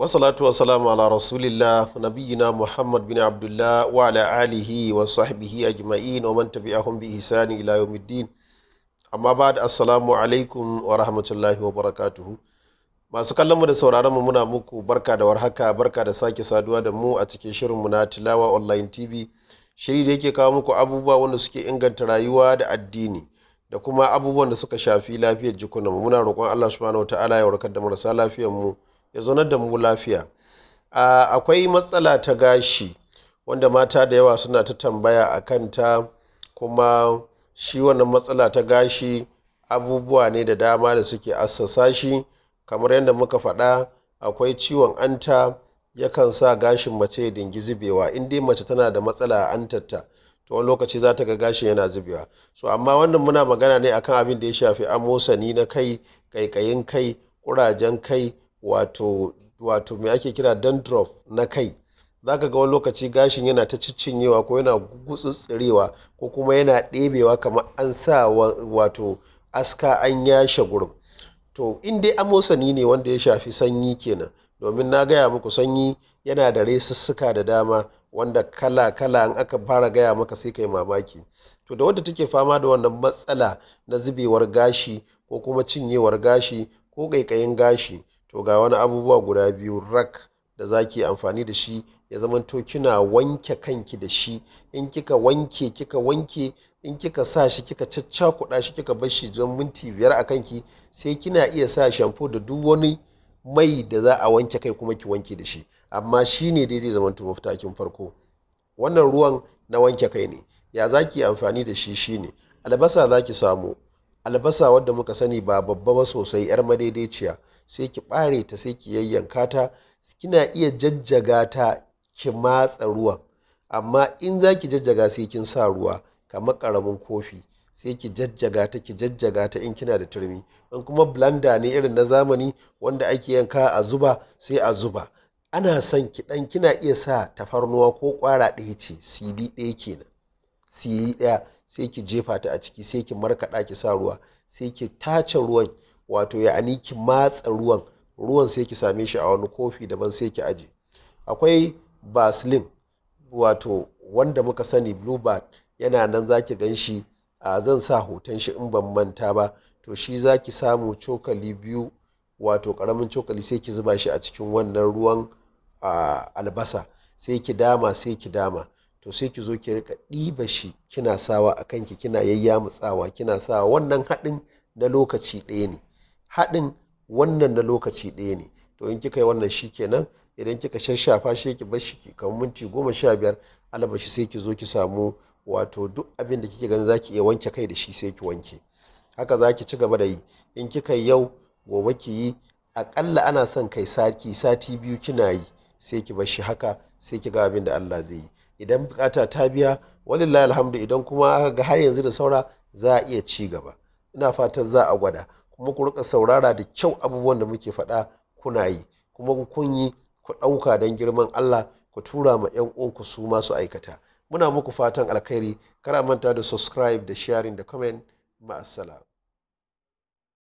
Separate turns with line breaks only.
wasalatu wasalamu ala rasulillah nabiyina muhammad bin abdullah wa ala alihi wa sahbihi ajma'in wa man tabi'ahum bi ihsani ila yawmiddin amma da assalamu alaikum wa rahmatullahi wa barakatuhu masu kallon mu da sauraron mu muna muku barka da warhaka barka da sake saduwa da mu a cikin shirin mu na tilawa online tv shiri da yake kawo muku abubuwa wanda suke inganta rayuwa da addini da kuma abubuwan da suka shafi lafiyar jikunan mu muna roƙon Allah subhanahu wa ta'ala ya warkar da marasa lafiyar mu ya zaunar da mu lafiya akwai matsala ta gashi wanda mata da yawa suna ta tambaya a kanta kuma shi wannan matsala ta gashi abubuwa ne da dama da suke assasa shi kamar yadda muka faɗa akwai ciwon anta yakan sa gashin mace ya dingi zubewa in dai mace tana da matsala a antarta to wani lokaci za ta ga gashin yana zubewa so amma wannan muna magana ne akan abin da ya shafi amosani na kai kaikayin kai kurajen kai wato wato me ake kira dandruff na kai zaka ga wani lokaci gashin yana ta ciccinyewa ko yana gutsutsurewa ko kuma yana ɗebewa kamar an sa wato aska an yashe gurin to in dai amosani ne wanda ya shafi sanyi kenan domin na gaya muku sanyi yana da resussuka da dama wanda kala kala an aka fara gaya maka sai kai mamaki to da wanda take fama da wannan matsala na zubewar gashi ko kuma cinyewar gashi ko ƙaiƙayin gashi to ga wani abubuwa guda biyu rak da za ki amfani da shi ya zamanto kina wanke kanki da shi in kika wanke kika wanke in kika sa shi kika caccakuɗa shi kika bar shi don minti biyar a kanki sai kina iya sa shamfo da duk wani mai da za a wanke kai kuma ki wanke da shi amma shi ne dai zai zamanto mafitakin farko wannan ruwan na wanke kai ne ya za ki amfani da shi shine albasa za ki samu albasa wadda muka sani ba babba ba sosai yar madaidaiciya sai ki ɓare ta sai ki yayyanka ta kina iya jajjaga ta ki matsa ruwan amma in za ki jajjaga sai kin sa ruwa kamar ƙaramin kofi sai ki jajjaga ta ki jajjaga ta in kina da turmi in kuma blanda ne irin na zamani wanda ake yanka a zuba sai a zuba ana son ki dan kina iya sa tafarnuwa ko kwara ɗaya ce cd ɗaya kenan siyi ɗaya sai ki jefa ta a ciki sai ki markaɗa ki sa ruwa sai ki tace ruwan wato ya'ani ki matsa ruwan ruwan sai ki same shi a wani kofi daban sai ki aje akwai basilin wato wanda muka sani bluebird yana nan zaki gan shi a zan sa hoton shi in ban manta ba to shi zaki samu cokali biyu wato karamin cokali sai ki zuba shi a cikin wannan ruwan albasa sai ki dama sai ki dama to sai ki zo ki rika ɗiba shi kina sawa a kanki kina yayya mutsawa kina sawa wannan haɗin na lokaci ɗaya ne haɗin wannan na lokaci ɗaya ne to in kika yi wannan shi kenan idan kika shashafa shi ki bar shi ki kamar minti goma sha biyar alabashi sai ki zo ki samu wato duk abin da kike ganin zaki iya wanke kai da shi sai ki wanke haka zaki ci gaba da yi in kika yi yau gobe ki yi akalla ana son kai sati biyu kina yi sai ki bar shi haka sai ki ga abin da Allah zai yi idan bukata ta biya walillahi alhamdu idan kuma aka ga har yanzu da saura za a iya ci gaba ina fatan za a gwada kuma ku rika saurara da kyau abubuwan da muke faɗa kuna yi kuma kun yi ku ɗauka don girman Allah ku tura ma 'yan uwanku su masu aikata muna muku fatan alkhairi kara manta da subscribe da sharing da comment ma'assalam